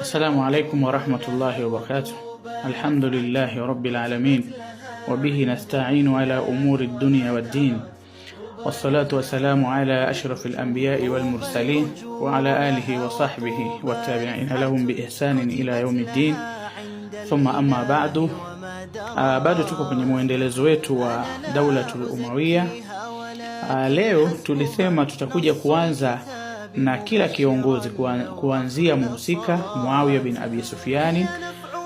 السلام عليكم ورحمة الله وبركاته الحمد لله رب العالمين وبه نستعين على أمور الدنيا والدين والصلاة والسلام على أشرف الأنبياء والمرسلين وعلى آله وصحبه والتابعين لهم بإحسان إلى يوم الدين ثم أما بعد آه، بعد تكوك نموين دلزويت ودولة الأموية Daulatul Leo tulisema tutakuja kuanza na kila kiongozi kuanzia muhusika Muawiya bin Abi Sufyani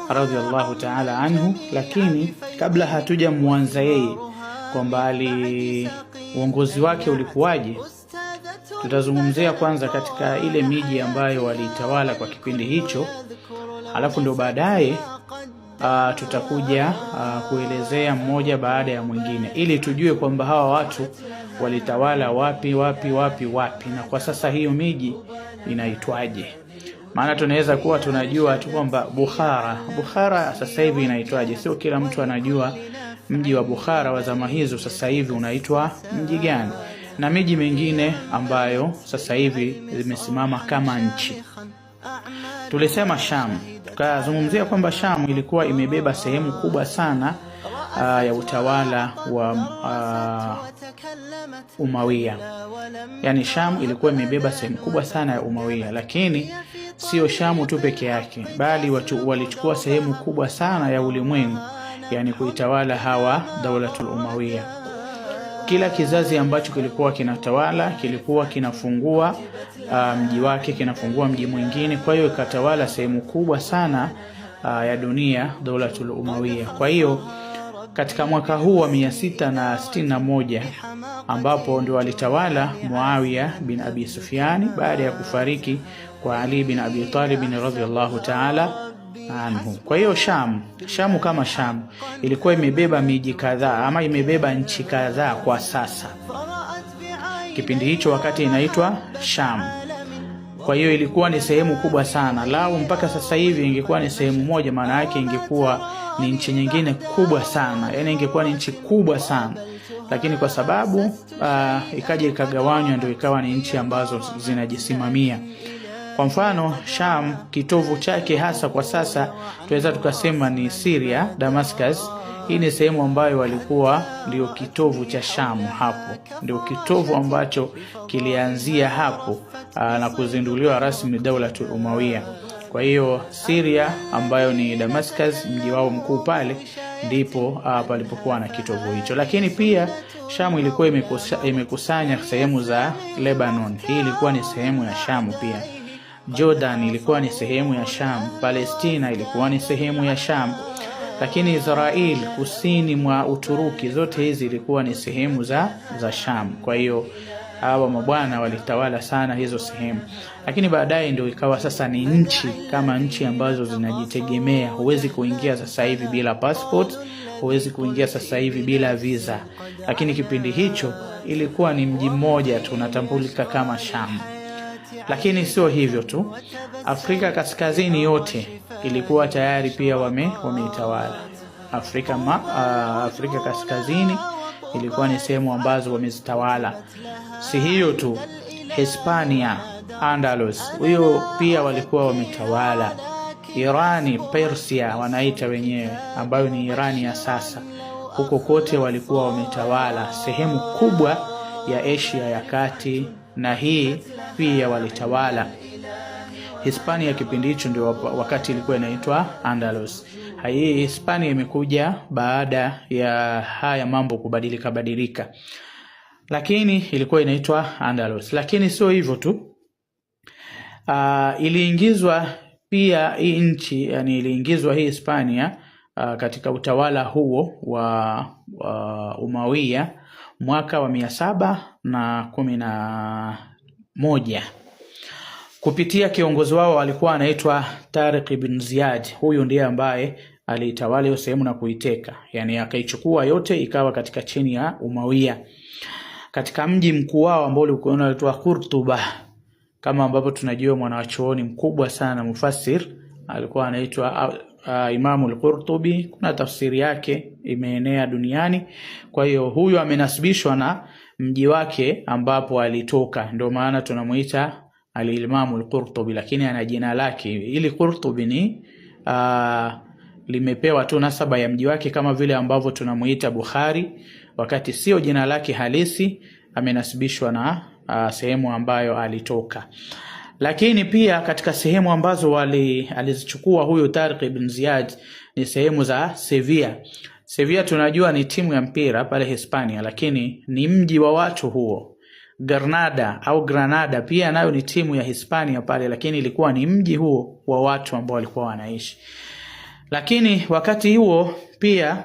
radhiallahu ta'ala anhu, lakini kabla hatuja mwanza yeye kwamba ali uongozi wake ulikuwaje, tutazungumzia kwanza katika ile miji ambayo walitawala kwa kipindi hicho, alafu ndio baadaye uh, tutakuja uh, kuelezea mmoja baada ya mwingine, ili tujue kwamba hawa watu walitawala wapi wapi wapi wapi, na kwa sasa hiyo miji inaitwaje. Maana tunaweza kuwa tunajua tu kwamba Bukhara, Bukhara sasa hivi inaitwaje. Sio kila mtu anajua mji wa Bukhara wa zama hizo sasa hivi unaitwa mji gani, na miji mingine ambayo sasa hivi zimesimama kama nchi. Tulisema shamu tukazungumzia kwamba Shamu ilikuwa imebeba sehemu kubwa sana uh, ya utawala wa uh, Umawia. Yaani Shamu ilikuwa imebeba sehemu kubwa sana ya Umawia, lakini sio Shamu tu peke yake, bali watu walichukua sehemu kubwa sana ya ulimwengu, yaani kuitawala hawa Daulatul Umawia. Kila kizazi ambacho kilikuwa kinatawala kilikuwa kinafungua uh, mji wake kinafungua mji mwingine, kwa hiyo ikatawala sehemu kubwa sana uh, ya dunia Daulatul Umawiya. Kwa hiyo katika mwaka huu wa mia moja ambapo ndio alitawala Muawiya bin Abi Sufyani baada ya kufariki kwa Ali bin Abi Talib radhiyallahu ta'ala anhu. Kwa hiyo Sham, Shamu kama Sham ilikuwa imebeba miji kadhaa ama imebeba nchi kadhaa kwa sasa, kipindi hicho wakati inaitwa Sham. Kwa hiyo ilikuwa ni sehemu kubwa sana, lau mpaka sasa hivi ingekuwa ni sehemu moja, maana yake ingekuwa ni nchi nyingine kubwa sana, yaani ingekuwa ni nchi kubwa sana, lakini kwa sababu uh, ikaja ikagawanywa, ndio ikawa ni nchi ambazo zinajisimamia. Kwa mfano, Sham kitovu chake hasa kwa sasa tunaweza tukasema ni Syria, Damascus. Hii ni sehemu ambayo walikuwa ndio kitovu cha Sham, hapo ndio kitovu ambacho kilianzia hapo aa, ah, na kuzinduliwa rasmi Daulatul umawia Kwa hiyo Syria ambayo ni Damascus, mji wao mkuu pale ndipo ah, palipokuwa na kitovu hicho, lakini pia Shamu ilikuwa imekusanya sehemu za Lebanon. Hii ilikuwa ni sehemu ya Shamu pia. Jordan ilikuwa ni sehemu ya Sham, Palestina ilikuwa ni sehemu ya Sham, lakini Israel kusini mwa Uturuki, zote hizi ilikuwa ni sehemu za, za Sham. Kwa hiyo hawa mabwana walitawala sana hizo sehemu, lakini baadaye ndio ikawa sasa ni nchi kama nchi ambazo zinajitegemea. Huwezi kuingia sasa hivi bila passport, huwezi kuingia sasa hivi bila visa, lakini kipindi hicho ilikuwa ni mji mmoja tu unatambulika kama Sham. Lakini sio hivyo tu, Afrika Kaskazini yote ilikuwa tayari pia wame wameitawala Afrika, ma, uh, Afrika Kaskazini ilikuwa ni sehemu ambazo wamezitawala. Si hiyo tu, Hispania, Andalus, huyo pia walikuwa wametawala. Irani, Persia wanaita wenyewe, ambayo ni Irani ya sasa, huko kote walikuwa wametawala sehemu kubwa ya Asia ya kati na hii pia walitawala Hispania kipindi hicho ndio wakati ilikuwa inaitwa Andalus. Hii Hispania imekuja baada ya haya mambo kubadilika badilika, lakini ilikuwa inaitwa Andalus. Lakini sio hivyo tu, uh, iliingizwa pia hii nchi yani, iliingizwa hii Hispania uh, katika utawala huo wa uh, Umawia mwaka wa mia saba na kumi na moja kupitia kiongozi wao alikuwa anaitwa Tariq ibn Ziyad. Huyu ndiye ambaye aliitawala hiyo sehemu na kuiteka, yani akaichukua yote ikawa katika chini ya Umawia, katika mji mkuu wao ambao ulikuwa unaitwa Kurtuba, kama ambavyo tunajua mwanawachuoni mkubwa sana mufasir alikuwa anaitwa uh, uh, Imamu al-Qurtubi. Kuna tafsiri yake imeenea duniani. Kwa hiyo huyu amenasibishwa na mji wake ambapo alitoka, ndio maana tunamuita Alimamu Alqurtubi, lakini ana jina lake ili Qurtubi ni uh, limepewa tu nasaba ya mji wake kama vile ambavyo tunamuita Bukhari, wakati sio jina lake halisi, amenasibishwa na uh, sehemu ambayo alitoka. Lakini pia katika sehemu ambazo wali, alizichukua huyu Tariq ibn Ziyad ni sehemu za Sevilla Sevilla tunajua ni timu ya mpira pale Hispania, lakini ni mji wa watu huo. Granada au Granada pia nayo ni timu ya Hispania pale, lakini ilikuwa ni mji huo wa watu ambao walikuwa wanaishi. Lakini wakati huo pia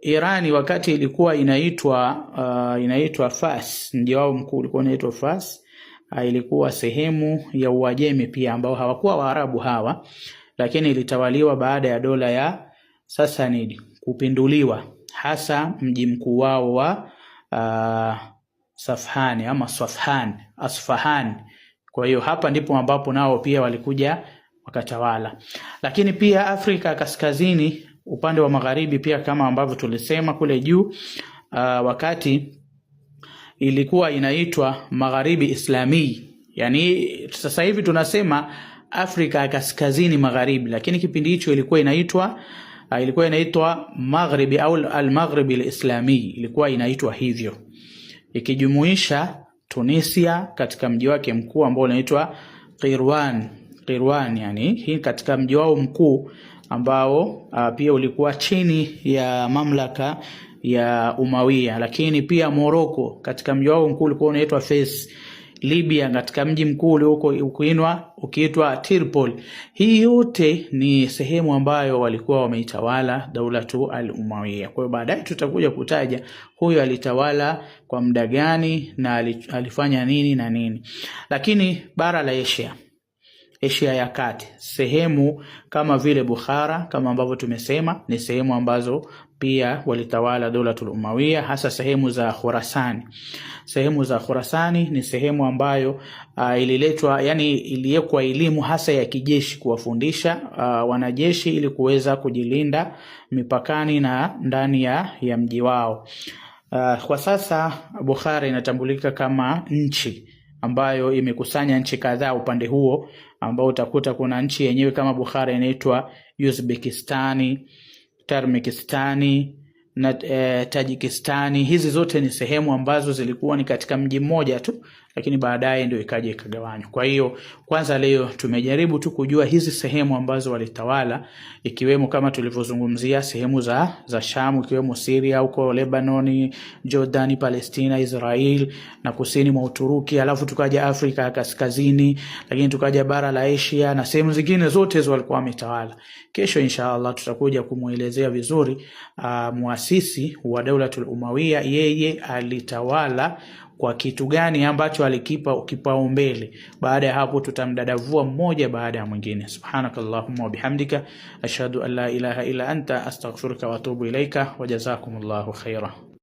Irani wakati ilikuwa inaitwa uh, inaitwa Fas, mji wao mkuu ulikuwa unaitwa Fas. Uh, ilikuwa sehemu ya Uajemi pia ambao hawakuwa Waarabu hawa, lakini ilitawaliwa baada ya dola ya Sasanidi kupinduliwa hasa mji mkuu wao wa uh, ah, Safhani ama Safhan, Asfahan. Kwa hiyo hapa ndipo ambapo nao pia walikuja wakatawala, lakini pia Afrika Kaskazini upande wa magharibi pia kama ambavyo tulisema kule juu uh, wakati ilikuwa inaitwa Magharibi Islamii, yani sasa hivi tunasema Afrika ya Kaskazini Magharibi, lakini kipindi hicho ilikuwa inaitwa Ah, ilikuwa inaitwa Maghribi au Almaghribi Alislami, ilikuwa inaitwa hivyo, ikijumuisha Tunisia katika mji wake mkuu ambao unaitwa Qirwan. Qirwan yani hii katika mji wao mkuu ambao a, ah, pia ulikuwa chini ya mamlaka ya Umawia, lakini pia Morocco katika mji wao mkuu ulikuwa unaitwa Fes Libya katika mji mkuu ulioko ukuinwa ukiitwa Tripoli. Hii yote ni sehemu ambayo walikuwa wameitawala Daulatu al Umawiya. Kwa hiyo baadaye tutakuja kutaja huyo alitawala kwa muda gani na alifanya nini na nini, lakini bara la Asia Asia ya Kati, sehemu kama vile Bukhara, kama ambavyo tumesema ni sehemu ambazo pia walitawala dola tulumawia, hasa sehemu za Khurasani. Sehemu za Khurasani ni sehemu ambayo uh, ililetwa yani, iliwekwa elimu hasa ya kijeshi kuwafundisha uh, wanajeshi ili kuweza kujilinda mipakani na ndani ya, ya mji wao. Uh, kwa sasa Bukhara inatambulika kama nchi ambayo imekusanya nchi kadhaa upande huo ambao utakuta kuna nchi yenyewe kama Bukhara inaitwa Uzbekistani, Turkmenistani na e, Tajikistani. Hizi zote ni sehemu ambazo zilikuwa ni katika mji mmoja tu lakini baadaye ndio ikaja ikagawanywa. Kwa hiyo kwanza leo tumejaribu tu kujua hizi sehemu ambazo walitawala, ikiwemo kama tulivyozungumzia sehemu za za Shamu, ikiwemo Syria huko Lebanoni, Jordan, Palestina, Israel na kusini mwa Uturuki, alafu tukaja Afrika ya Kaskazini, lakini tukaja bara la Asia na sehemu zingine zote hizo walikuwa wametawala. Kesho inshallah tutakuja kumuelezea vizuri uh, muasisi wa Daulatul Umawiya yeye alitawala kwa kitu gani ambacho alikipa kipaumbele. Baada ya hapo, tutamdadavua mmoja baada ya mwingine. Subhanakallahumma wa bihamdika ashhadu an la ilaha illa anta astaghfiruka wa atubu ilaika, wa jazakumullahu khaira.